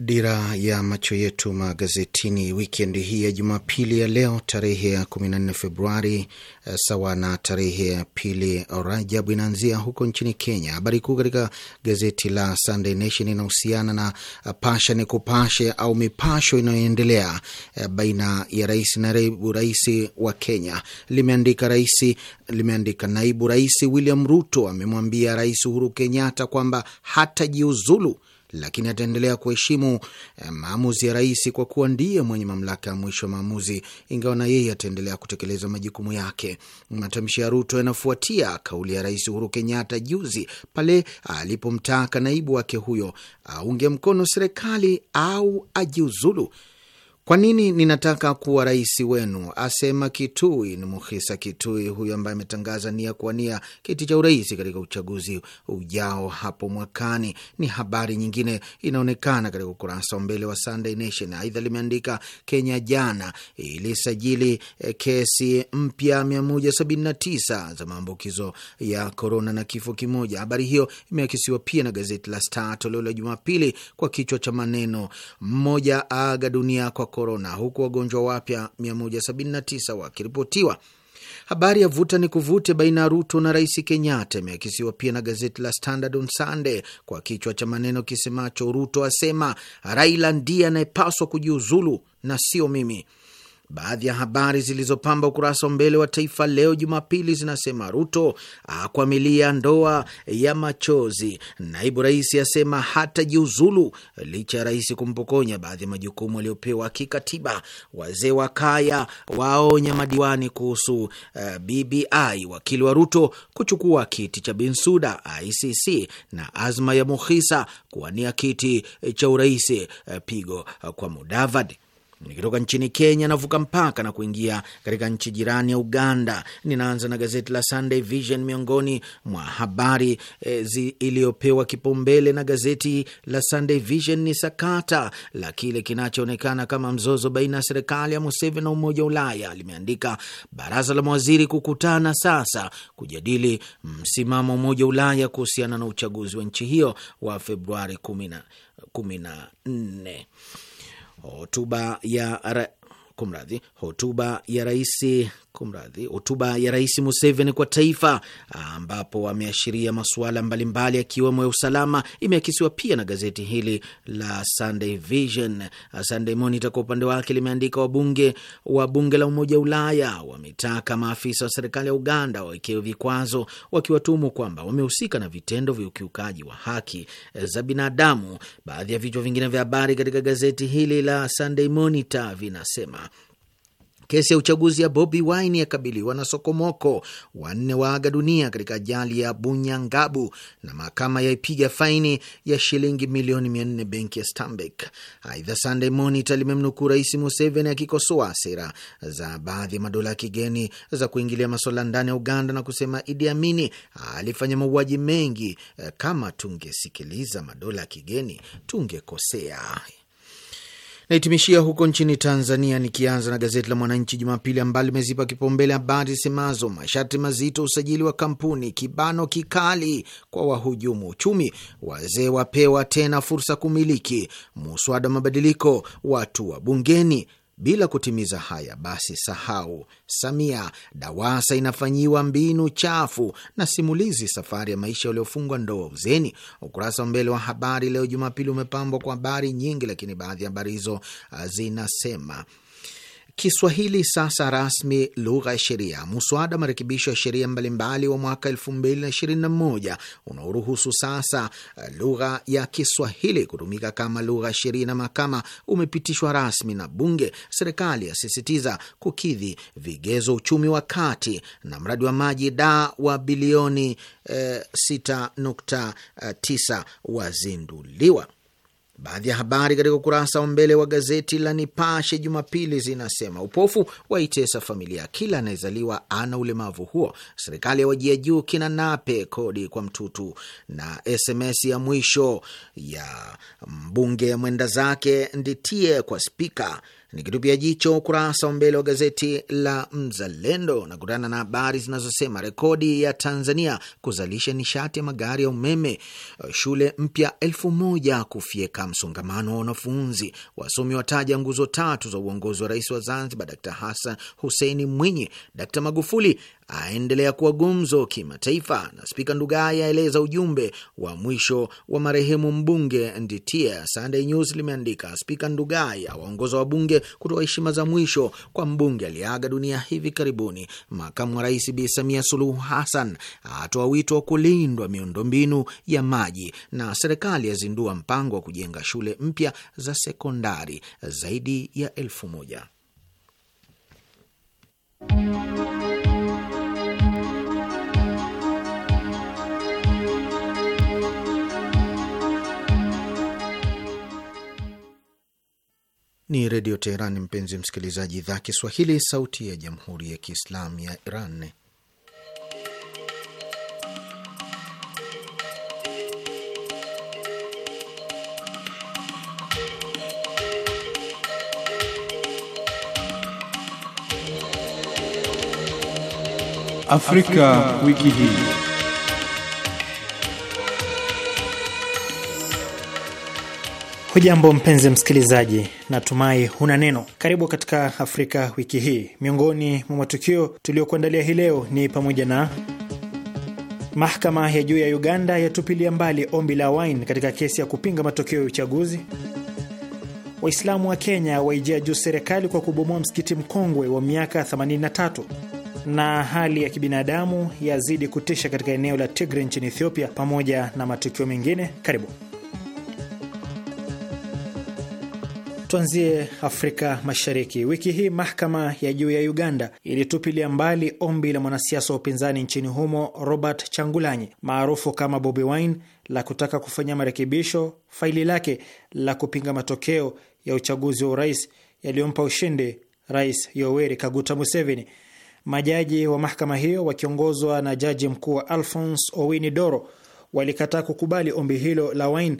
Dira ya macho yetu magazetini wikendi hii ya Jumapili ya leo tarehe ya 14 Februari eh, sawa na tarehe ya pili Rajabu inaanzia huko nchini Kenya. Habari kuu katika gazeti la Sunday Nation inahusiana na eh, pasha ni kupashe au mipasho inayoendelea eh, baina ya rais na naibu rais wa Kenya, limeandika rais, limeandika naibu rais William Ruto amemwambia Rais Uhuru Kenyatta kwamba hatajiuzulu lakini ataendelea kuheshimu eh, maamuzi ya rais kwa kuwa ndiye mwenye mamlaka ya mwisho wa maamuzi, ingawa na yeye ataendelea kutekeleza majukumu yake. Matamshi ya Ruto yanafuatia kauli ya Rais Uhuru Kenyatta juzi pale alipomtaka naibu wake huyo aunge mkono serikali au ajiuzulu kwa nini ninataka kuwa rais wenu? Asema Kitui. Ni muhisa Kitui huyu ambaye ametangaza nia kuwania kiti cha urais katika uchaguzi ujao hapo mwakani. Ni habari nyingine inaonekana katika ukurasa wa mbele wa Sunday Nation. Aidha limeandika Kenya jana ilisajili eh, kesi mpya 179 za maambukizo ya korona na kifo kimoja. Habari hiyo imeakisiwa pia na gazeti la Star toleo la Jumapili kwa kichwa cha maneno mmoja aga dunia kwa korona, huku wagonjwa wapya 179 wakiripotiwa. Habari ya vuta ni kuvute baina ya Ruto na Rais Kenyatta imeakisiwa pia na gazeti la Standard on Sunday kwa kichwa cha maneno kisemacho Ruto asema Raila ndiye anayepaswa kujiuzulu na sio mimi. Baadhi ya habari zilizopamba ukurasa wa mbele wa Taifa Leo Jumapili zinasema Ruto akwamilia ndoa ya machozi, naibu rais asema hatajiuzulu licha ya rais kumpokonya baadhi ya majukumu aliyopewa kikatiba, wazee wa kaya waonya madiwani kuhusu uh, eh, BBI, wakili wa Ruto kuchukua kiti cha Binsuda ICC na azma ya Mukhisa kuwania kiti cha urais, uh, pigo uh, kwa Mudavadi. Nikitoka nchini Kenya navuka mpaka na kuingia katika nchi jirani ya Uganda. Ninaanza na gazeti la Sunday Vision. Miongoni mwa habari e, iliyopewa kipaumbele na gazeti la Sunday Vision ni sakata la kile kinachoonekana kama mzozo baina ya serikali ya Museveni na Umoja wa Ulaya. Limeandika baraza la mawaziri kukutana sasa kujadili msimamo wa Umoja wa Ulaya kuhusiana na uchaguzi wa nchi hiyo wa Februari kumi na nne hotuba ya ra... kumradhi, hotuba ya Rais kumradhi, hotuba ya Rais Museveni kwa taifa ambapo ameashiria masuala mbalimbali yakiwemo ya usalama imeakisiwa pia na gazeti hili la Sunday Vision. Sunday Monitor kwa upande wake limeandika wabunge wa bunge la Umoja wa Ulaya wametaka maafisa wa serikali ya Uganda wawekewe vikwazo, wakiwatumu kwamba wamehusika na vitendo vya ukiukaji wa haki eh, za binadamu. Baadhi ya vichwa vingine vya habari katika gazeti hili la Sunday Monitor vinasema Kesi ya uchaguzi ya Bobi Wine yakabiliwa na sokomoko, wanne waaga dunia katika ajali ya Bunyangabu, na mahakama yaipiga faini ya shilingi milioni mia nne benki ya Stanbic. Aidha, Sunday Monitor limemnukuu Rais Museveni akikosoa sera za baadhi ya madola ya kigeni za kuingilia masuala ndani ya Uganda na kusema Idi Amini alifanya mauaji mengi. Eh, kama tungesikiliza madola ya kigeni tungekosea. Naitimishia huko nchini Tanzania, nikianza na gazeti la Mwananchi Jumapili ambalo limezipa kipaumbele habari zisemazo masharti mazito usajili wa kampuni, kibano kikali kwa wahujumu uchumi, wazee wapewa tena fursa kumiliki, muswada wa mabadiliko watu wa bungeni bila kutimiza haya, basi sahau Samia. DAWASA inafanyiwa mbinu chafu na simulizi, safari ya maisha uliofungwa ndoa uzeni. Ukurasa wa mbele wa Habari Leo Jumapili umepambwa kwa habari nyingi, lakini baadhi ya habari hizo ah, zinasema Kiswahili sasa rasmi lugha ya sheria. Muswada marekebisho ya sheria mbalimbali wa mwaka 2021 unaoruhusu sasa eh, lugha ya Kiswahili kutumika kama lugha ya sheria na mahakama umepitishwa rasmi na Bunge. Serikali yasisitiza kukidhi vigezo uchumi wa kati, na mradi wa maji da wa bilioni eh, 6.9 eh, wazinduliwa. Baadhi ya habari katika ukurasa wa mbele wa gazeti la Nipashe Jumapili zinasema upofu waitesa familia, kila anayezaliwa ana ulemavu huo, serikali ya wajia juu kina Nape kodi kwa mtutu, na SMS ya mwisho ya mbunge mwenda zake Nditie kwa spika Nikitupia jicho ukurasa wa mbele wa gazeti la Mzalendo na na habari zinazosema rekodi ya Tanzania kuzalisha nishati ya magari ya umeme, shule mpya elfu moja kufyeka msongamano wa wanafunzi, wasomi wataja nguzo tatu za uongozi wa rais wa Zanzibar Dkt Hassan Huseini Mwinyi, Dkt Magufuli aendelea kuwa gumzo kimataifa, na Spika Ndugai aeleza ujumbe wa mwisho wa marehemu mbunge Nditia. Sunday News limeandika Spika Ndugai awaongoza wabunge kutoa heshima za mwisho kwa mbunge aliyeaga dunia hivi karibuni. Makamu wa Rais Bi Samia Suluhu Hassan atoa wito wa kulindwa miundombinu ya maji, na serikali yazindua mpango wa kujenga shule mpya za sekondari zaidi ya elfu moja. Ni Redio Teheran, mpenzi msikilizaji, idhaa Kiswahili, sauti ya Jamhuri ya Kiislamu ya Iran.
Afrika, Afrika wiki hii. Hujambo mpenzi msikilizaji, natumai huna neno. Karibu katika Afrika wiki hii. Miongoni mwa matukio tuliyokuandalia hii leo ni pamoja na mahakama ya juu ya Uganda yatupilia mbali ombi la Wine katika kesi ya kupinga matokeo ya uchaguzi, Waislamu wa Kenya waijia juu serikali kwa kubomoa msikiti mkongwe wa miaka 83 na hali ya kibinadamu yazidi kutisha katika eneo la tigre nchini Ethiopia, pamoja na matukio mengine. Karibu. Tuanzie Afrika Mashariki. Wiki hii mahakama ya juu ya Uganda ilitupilia mbali ombi la mwanasiasa wa upinzani nchini humo Robert Changulanyi maarufu kama Bobi Wine la kutaka kufanya marekebisho faili lake la kupinga matokeo ya uchaguzi wa urais yaliyompa ushindi Rais Yoweri Kaguta Museveni. Majaji wa mahakama hiyo wakiongozwa na jaji mkuu wa Alphonse Owini Doro walikataa kukubali ombi hilo la Wine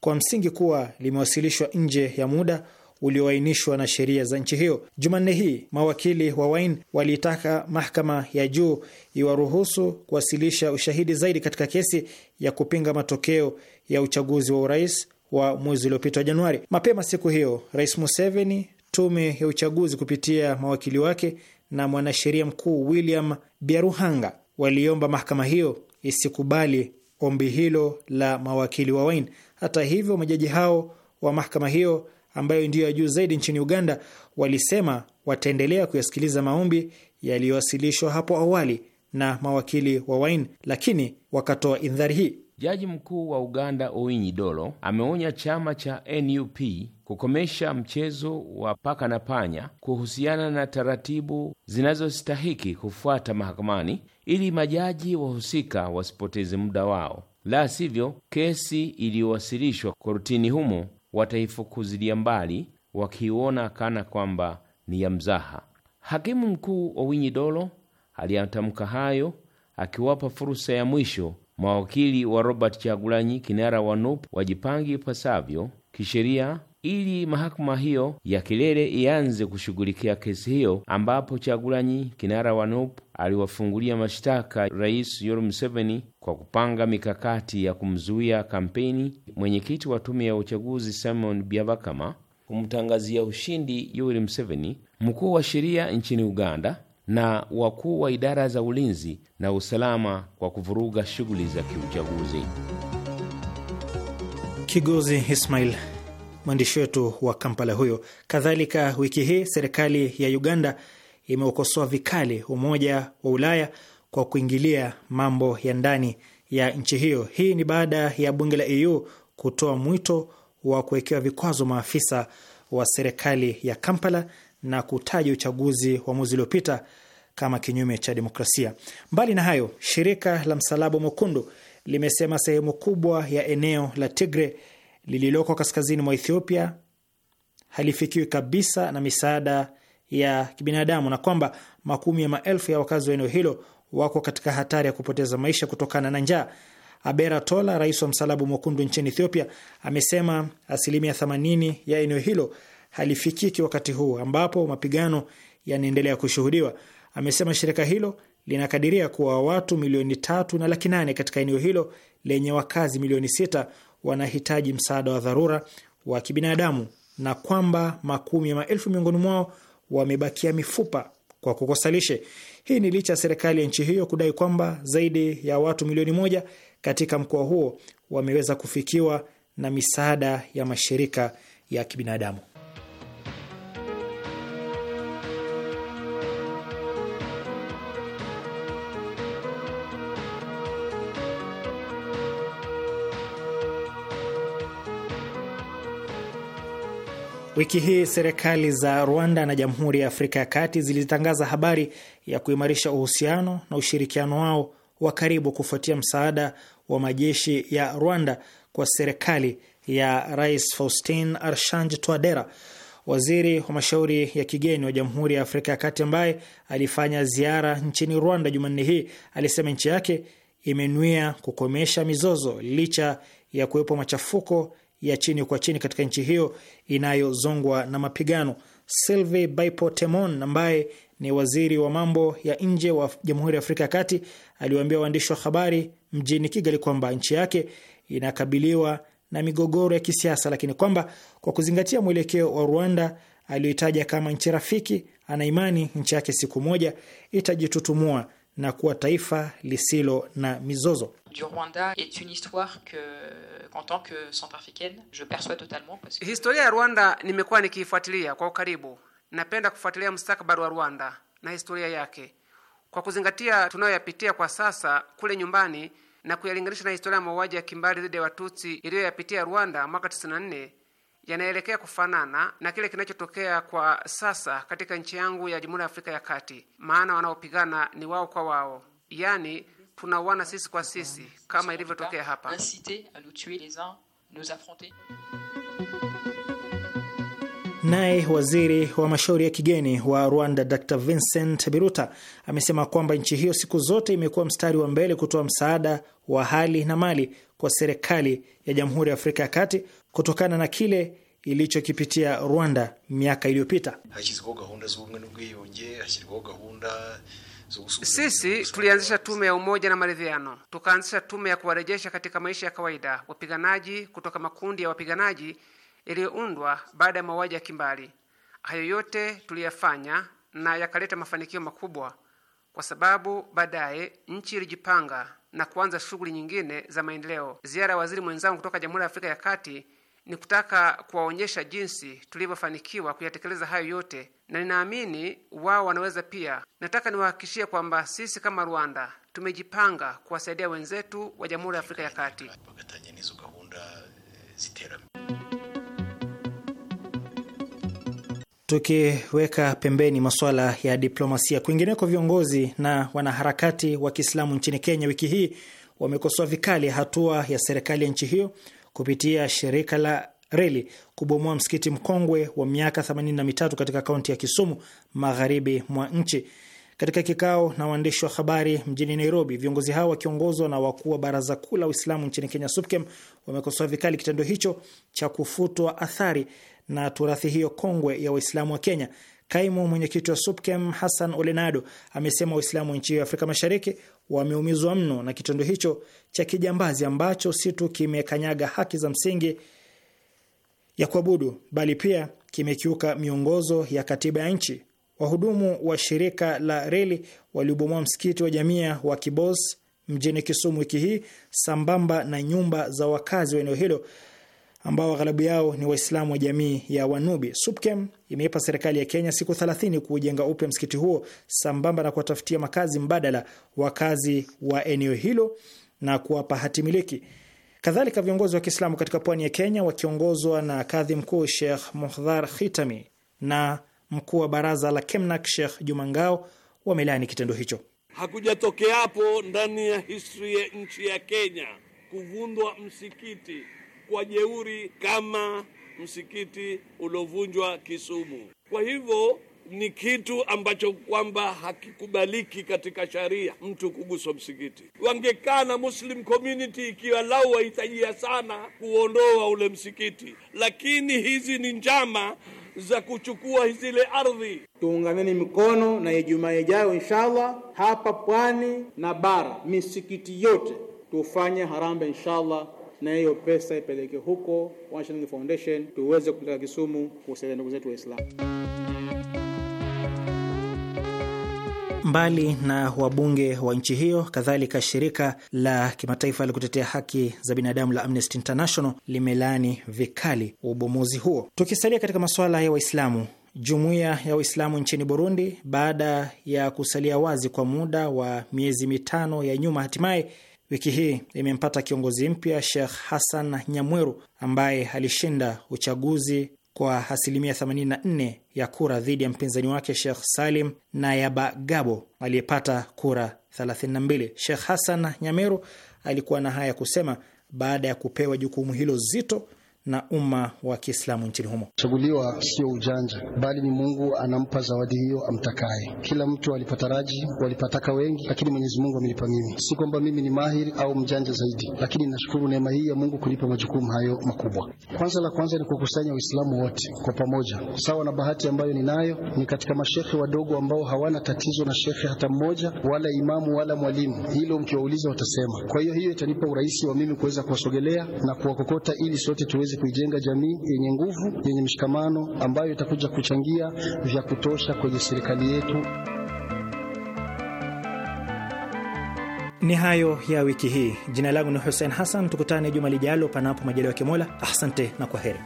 kwa msingi kuwa limewasilishwa nje ya muda ulioainishwa na sheria za nchi hiyo. Jumanne hii mawakili wa Wine waliitaka mahakama ya juu iwaruhusu kuwasilisha ushahidi zaidi katika kesi ya kupinga matokeo ya uchaguzi wa urais wa mwezi uliopita wa Januari. Mapema siku hiyo, Rais Museveni, tume ya uchaguzi kupitia mawakili wake na mwanasheria mkuu William Biaruhanga waliomba mahakama hiyo isikubali ombi hilo la mawakili wa Wine. Hata hivyo, majaji hao wa mahakama hiyo ambayo ndiyo ya juu zaidi nchini Uganda walisema wataendelea kuyasikiliza maombi yaliyowasilishwa hapo awali
na mawakili wa Wine, lakini wakatoa indhari hii. Jaji mkuu wa Uganda Owinyi Dolo ameonya chama cha NUP kukomesha mchezo wa paka na panya kuhusiana na taratibu zinazostahiki kufuata mahakamani ili majaji wahusika wasipoteze muda wao la sivyo kesi iliyowasilishwa kortini humo wataifukuzilia mbali, wakiiona kana kwamba ni ya mzaha. Hakimu mkuu Owinyi Dolo aliyatamka hayo akiwapa fursa ya mwisho mawakili wa Robert Chagulanyi, kinara wa NUP, wajipangi ipasavyo kisheria ili mahakama hiyo ya kilele ianze kushughulikia kesi hiyo, ambapo Chagulanyi, kinara wa NUP, aliwafungulia mashtaka Rais Yoweri Museveni kwa kupanga mikakati ya kumzuia kampeni, mwenyekiti wa tume ya uchaguzi Simon Byabakama kumtangazia ushindi Yoweri Museveni, mkuu wa sheria nchini Uganda na wakuu wa idara za ulinzi na usalama kwa kuvuruga shughuli za kiuchaguzi.
Kigozi Ismail, mwandishi wetu wa Kampala huyo. Kadhalika, wiki hii serikali ya Uganda imeukosoa vikali Umoja wa Ulaya kwa kuingilia mambo ya ndani ya nchi hiyo. Hii ni baada ya bunge la EU kutoa mwito wa kuwekewa vikwazo maafisa wa serikali ya Kampala na kutaja uchaguzi wa mwezi uliopita kama kinyume cha demokrasia. Mbali na hayo, shirika la Msalaba Mwekundu limesema sehemu kubwa ya eneo la Tigre lililoko kaskazini mwa Ethiopia halifikiwi kabisa na misaada ya kibinadamu na kwamba makumi ya maelfu ya wakazi wa eneo hilo wako katika hatari ya kupoteza maisha kutokana na njaa. Abera Tola, rais wa Msalabu Mwekundu nchini Ethiopia, amesema asilimia 80 ya eneo hilo halifikiki wakati huu ambapo mapigano yanaendelea kushuhudiwa. Amesema shirika hilo linakadiria kuwa watu milioni tatu na laki nane katika eneo hilo lenye wakazi milioni sita wanahitaji msaada wa dharura wa kibinadamu na kwamba makumi ya maelfu miongoni mwao wamebakia mifupa kwa kukosa lishe. Hii ni licha ya serikali ya nchi hiyo kudai kwamba zaidi ya watu milioni moja katika mkoa huo wameweza kufikiwa na misaada ya mashirika ya kibinadamu. Wiki hii serikali za Rwanda na Jamhuri ya Afrika ya Kati zilitangaza habari ya kuimarisha uhusiano na ushirikiano wao wa karibu kufuatia msaada wa majeshi ya Rwanda kwa serikali ya Rais Faustin Archange Touadera. Waziri wa mashauri ya kigeni wa Jamhuri ya Afrika ya Kati ambaye alifanya ziara nchini Rwanda Jumanne hii alisema nchi yake imenuia kukomesha mizozo licha ya kuwepo machafuko ya chini kwa chini katika nchi hiyo inayozongwa na mapigano. Sylvie Baipotemon ambaye ni waziri wa mambo ya nje wa Jamhuri ya Afrika ya Kati aliwaambia waandishi wa habari mjini Kigali kwamba nchi yake inakabiliwa na migogoro ya kisiasa, lakini kwamba kwa kuzingatia mwelekeo wa Rwanda aliyoitaja kama nchi rafiki, anaimani nchi yake siku moja itajitutumua na kuwa taifa lisilo na mizozo
du Rwanda est une histoire que, en tant que centrafricaine, je perçois totalement. Parce que... Historia ya Rwanda nimekuwa nikiifuatilia kwa ukaribu. Napenda kufuatilia mustakabali wa Rwanda na historia yake kwa kuzingatia tunayoyapitia kwa sasa kule nyumbani na kuyalinganisha na historia ya mauaji ya kimbari dhidi ya Watutsi iliyoyapitia Rwanda mwaka 94 yanaelekea kufanana na kile kinachotokea kwa sasa katika nchi yangu ya Jamhuri ya Afrika ya Kati, maana wanaopigana ni wao kwa wao, yani tunauana sisi kwa sisi kama ilivyotokea hapa.
Naye waziri wa mashauri ya kigeni wa Rwanda Dr Vincent Biruta amesema kwamba nchi hiyo siku zote imekuwa mstari wa mbele kutoa msaada wa hali na mali kwa serikali ya Jamhuri ya Afrika ya Kati kutokana na kile ilichokipitia Rwanda miaka iliyopita. hashyizwaho gahunda z'ubumwe n'ubwiyunge hashyirwaho gahunda
sisi tulianzisha tume ya umoja na maridhiano, tukaanzisha tume ya kuwarejesha katika maisha ya kawaida wapiganaji kutoka makundi ya wapiganaji yaliyoundwa baada ya mauaji ya kimbali. Hayo yote tuliyafanya na yakaleta mafanikio makubwa, kwa sababu baadaye nchi ilijipanga na kuanza shughuli nyingine za maendeleo. Ziara ya waziri mwenzangu kutoka Jamhuri ya Afrika ya Kati ni kutaka kuwaonyesha jinsi tulivyofanikiwa kuyatekeleza hayo yote, na ninaamini wao wanaweza pia. Nataka niwahakikishie kwamba sisi kama Rwanda tumejipanga kuwasaidia wenzetu wa Jamhuri ya Afrika ya Kati.
Tukiweka pembeni masuala ya diplomasia, kwingineko, viongozi na wanaharakati wa Kiislamu nchini Kenya wiki hii wamekosoa vikali hatua ya serikali ya nchi hiyo kupitia shirika la reli kubomoa msikiti mkongwe wa miaka 83 katika kaunti ya Kisumu, magharibi mwa nchi. Katika kikao na waandishi wa habari mjini Nairobi, viongozi hao wakiongozwa na wakuu wa Baraza Kuu la Uislamu nchini Kenya, SUPKEM, wamekosoa vikali kitendo hicho cha kufutwa athari na turathi hiyo kongwe ya Waislamu wa Kenya. Kaimu mwenyekiti wa SUPKEM Hassan Olenado amesema Waislamu wa nchi hiyo ya Afrika Mashariki wameumizwa mno na kitendo hicho cha kijambazi ambacho si tu kimekanyaga haki za msingi ya kuabudu bali pia kimekiuka miongozo ya katiba ya nchi. Wahudumu wa shirika la reli waliobomoa msikiti wa jamia wa Kibos mjini Kisumu wiki hii sambamba na nyumba za wakazi wa eneo hilo ambao aghalabu yao ni Waislamu wa jamii ya Wanubi. SUPKEM imeipa serikali ya Kenya siku 30 kuujenga upya msikiti huo sambamba na kuwatafutia makazi mbadala wakazi wa eneo hilo na kuwapa hati miliki. Kadhalika, viongozi wa Kiislamu katika pwani ya Kenya wakiongozwa na kadhi mkuu Sheikh Muhdhar Khitami na mkuu wa baraza la Kemnak Sheikh Jumangao wamelaani kitendo hicho.
Hakujatokea hapo ndani ya historia ya nchi ya Kenya kuvundwa msikiti kwa jeuri kama msikiti uliovunjwa Kisumu. Kwa hivyo ni kitu ambacho kwamba hakikubaliki katika sharia mtu kuguswa msikiti. Wangekaa na Muslim community ikiwa lau wahitajia sana kuondoa ule msikiti, lakini hizi ni njama za kuchukua zile ardhi.
Tuunganeni mikono na Ijumaa ijayo inshallah, hapa pwani na bara, misikiti yote tufanye harambe inshallah na hiyo pesa
ipeleke huko One Shilingi Foundation, tuweze kupeleka Kisumu kusaidia ndugu zetu Waislamu. Mbali na wabunge wa nchi hiyo, kadhalika shirika la kimataifa la kutetea haki za binadamu la Amnesty International limelaani vikali ubomozi huo. Tukisalia katika masuala ya Waislamu, Jumuiya ya Waislamu nchini Burundi, baada ya kusalia wazi kwa muda wa miezi mitano ya nyuma, hatimaye wiki hii imempata kiongozi mpya Sheikh Hassan Nyamweru ambaye alishinda uchaguzi kwa asilimia 84 ya kura dhidi ya mpinzani wake Sheikh Salim Nayabagabo aliyepata kura 32. Sheikh Hassan Nyameru alikuwa na haya kusema baada ya kupewa jukumu hilo zito na umma wa Kiislamu nchini humo. Chaguliwa sio ujanja, bali ni Mungu anampa zawadi hiyo amtakaye. Kila mtu alipataraji, walipataka wengi, lakini Mwenyezi Mungu amenipa mimi. Si kwamba mimi ni mahiri au mjanja zaidi, lakini nashukuru neema hii ya Mungu kunipa majukumu hayo makubwa. Kwanza la kwanza ni kukusanya Waislamu wote kwa pamoja, sawa na bahati ambayo ninayo ni katika mashekhe wadogo ambao hawana tatizo na shekhe hata mmoja, wala imamu wala mwalimu. Hilo mkiwauliza watasema. Kwa hiyo hiyo itanipa urahisi wa mimi kuweza kuwasogelea na kuwakokota ili sote tuweze tuweze kuijenga jamii yenye nguvu, yenye mshikamano, ambayo itakuja kuchangia vya kutosha kwenye serikali yetu. Ni hayo ya wiki hii. Jina langu ni Hussein Hassan, tukutane juma lijalo, panapo majaliwa ya Kimola. Asante na kwa heri.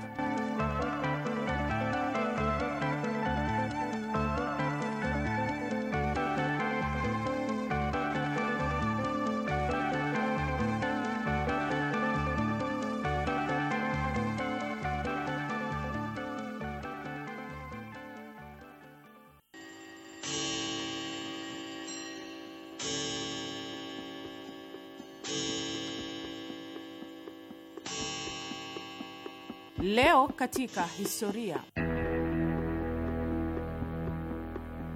Leo katika historia.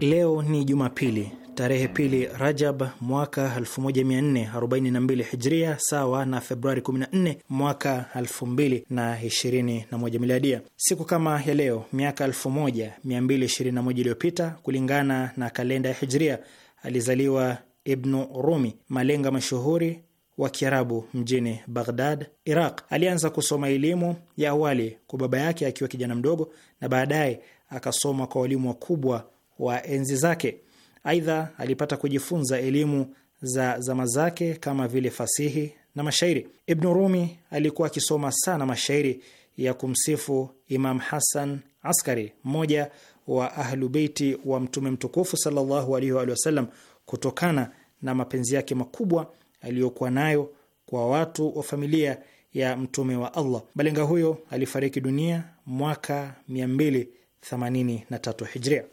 Leo ni Jumapili tarehe pili Rajab mwaka 1442 Hijria, sawa na Februari 14 mwaka 2021 Miladia. Siku kama ya leo miaka 1221 iliyopita kulingana na kalenda ya Hijria, alizaliwa Ibnu Rumi, malenga mashuhuri wa Kiarabu mjini Baghdad, Iraq. Alianza kusoma elimu ya awali kwa baba yake akiwa kijana mdogo na baadaye akasoma kwa walimu wakubwa wa enzi zake. Aidha, alipata kujifunza elimu za zama zake kama vile fasihi na mashairi. Ibnu Rumi alikuwa akisoma sana mashairi ya kumsifu Imam Hasan Askari, mmoja wa Ahlubeiti wa Mtume mtukufu sallallahu alaihi wa kutokana na mapenzi yake makubwa aliyokuwa nayo kwa watu wa familia ya mtume wa Allah. Balenga huyo alifariki dunia mwaka 283 Hijria.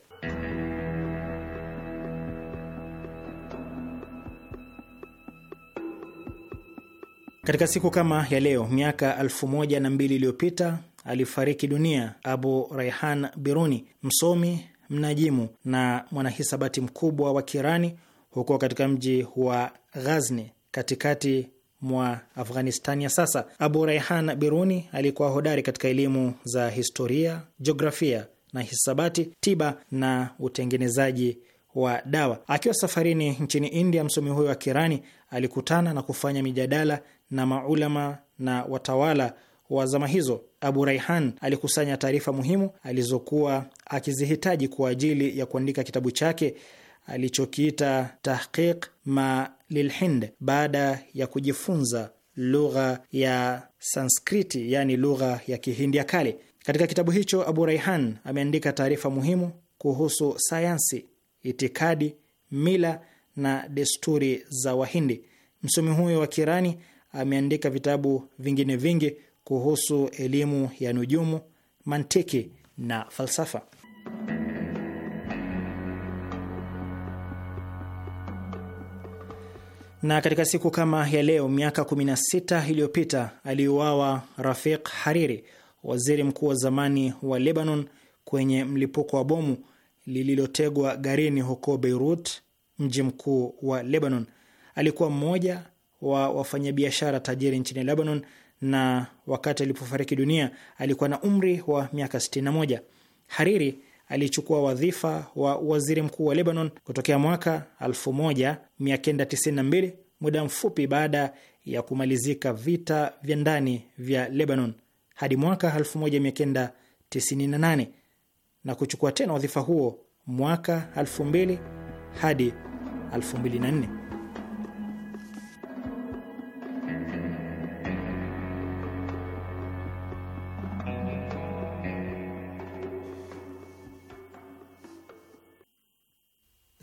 Katika siku kama ya leo miaka mbili iliyopita alifariki dunia Abu Raihan Biruni, msomi, mnajimu na mwanahisabati mkubwa wa Kirani huko katika mji wa Ghazni katikati mwa Afghanistan ya sasa. Abu Raihan Biruni alikuwa hodari katika elimu za historia, jiografia na hisabati, tiba na utengenezaji wa dawa. Akiwa safarini nchini India, msomi huyo wa Kirani alikutana na kufanya mijadala na maulama na watawala wa zama hizo. Abu Raihan alikusanya taarifa muhimu alizokuwa akizihitaji kwa ajili ya kuandika kitabu chake alichokiita Tahqiq ma lilhind baada ya kujifunza lugha ya Sanskriti, yaani lugha ya Kihindi ya kale. Katika kitabu hicho, Abu Raihan ameandika taarifa muhimu kuhusu sayansi, itikadi, mila na desturi za Wahindi. Msomi huyo wa Kirani ameandika vitabu vingine vingi kuhusu elimu ya nujumu, mantiki na falsafa. Na katika siku kama ya leo miaka 16 iliyopita aliuawa Rafiq Hariri, waziri mkuu wa zamani wa Lebanon, kwenye mlipuko wa bomu lililotegwa garini huko Beirut, mji mkuu wa Lebanon. Alikuwa mmoja wa wafanyabiashara tajiri nchini Lebanon, na wakati alipofariki dunia alikuwa na umri wa miaka 61. Hariri aliyechukua wadhifa wa waziri mkuu wa Lebanon kutokea mwaka 1992 muda mfupi baada ya kumalizika vita vya ndani vya Lebanon hadi mwaka 1998 na kuchukua tena wadhifa huo mwaka 2000 hadi 2004.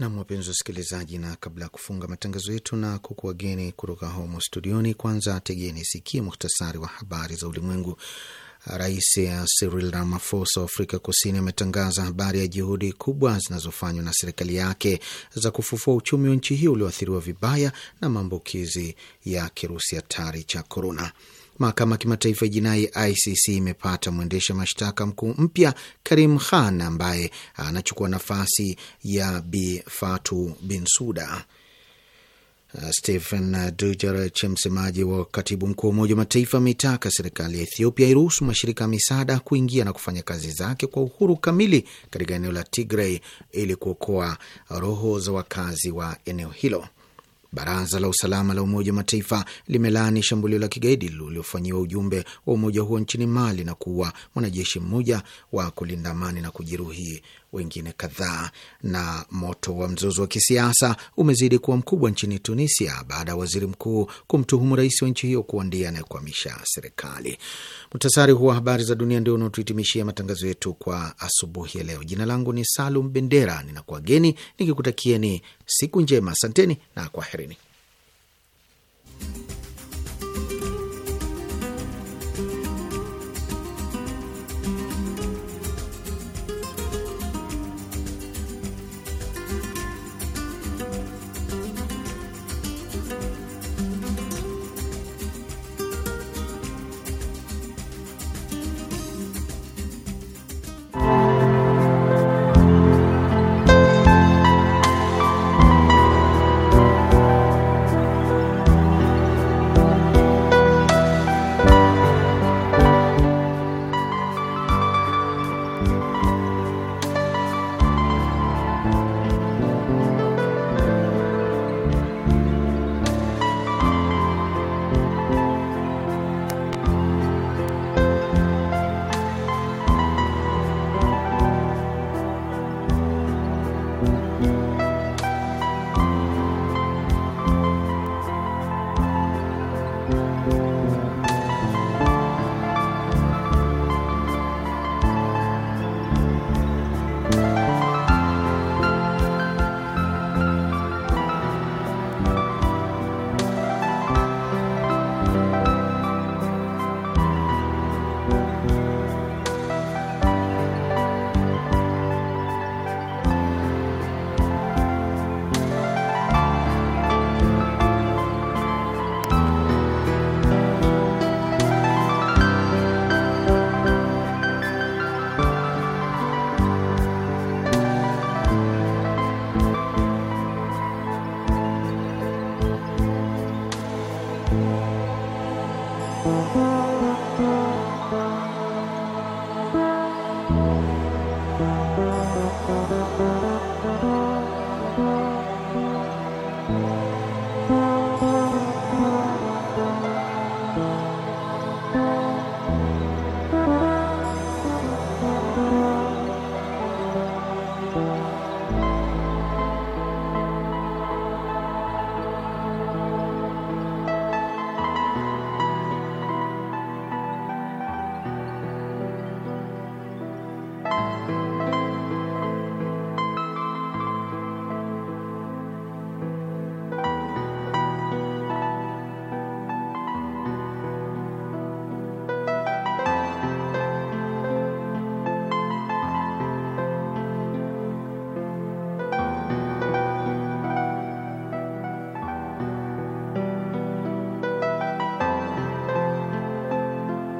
Nam, wapenzi wasikilizaji, na kabla ya kufunga matangazo yetu na kukuwageni kutoka homo studioni, kwanza tegeni sikie muhtasari wa habari za ulimwengu. Rais Cyril Ramaphosa wa Afrika Kusini ametangaza habari ya juhudi kubwa zinazofanywa na serikali yake za kufufua uchumi wa nchi hiyo ulioathiriwa vibaya na maambukizi ya kirusi hatari cha korona. Mahakama ya Kimataifa ya Jinai ICC imepata mwendesha mashtaka mkuu mpya Karim Khan ambaye anachukua nafasi ya Bi Fatu Binsuda. Uh, Stephen Dujarric, msemaji wa katibu mkuu wa Umoja wa Mataifa, ameitaka serikali ya Ethiopia iruhusu mashirika ya misaada kuingia na kufanya kazi zake kwa uhuru kamili katika eneo la Tigray ili kuokoa roho za wakazi wa eneo hilo. Baraza la usalama la Umoja wa Mataifa limelaani shambulio la kigaidi liliofanyiwa ujumbe wa umoja huo nchini Mali na kuua mwanajeshi mmoja wa kulinda amani na kujeruhi wengine kadhaa. Na moto wa mzozo wa kisiasa umezidi kuwa mkubwa nchini Tunisia baada ya waziri mkuu kumtuhumu rais wa nchi hiyo kuwa ndiye anayekwamisha serikali. Muhtasari huwa habari za dunia ndio unaotuhitimishia matangazo yetu kwa asubuhi ya leo. Jina langu ni Salum Bendera, ninakuwageni nikikutakieni siku njema. Asanteni na kwaherini.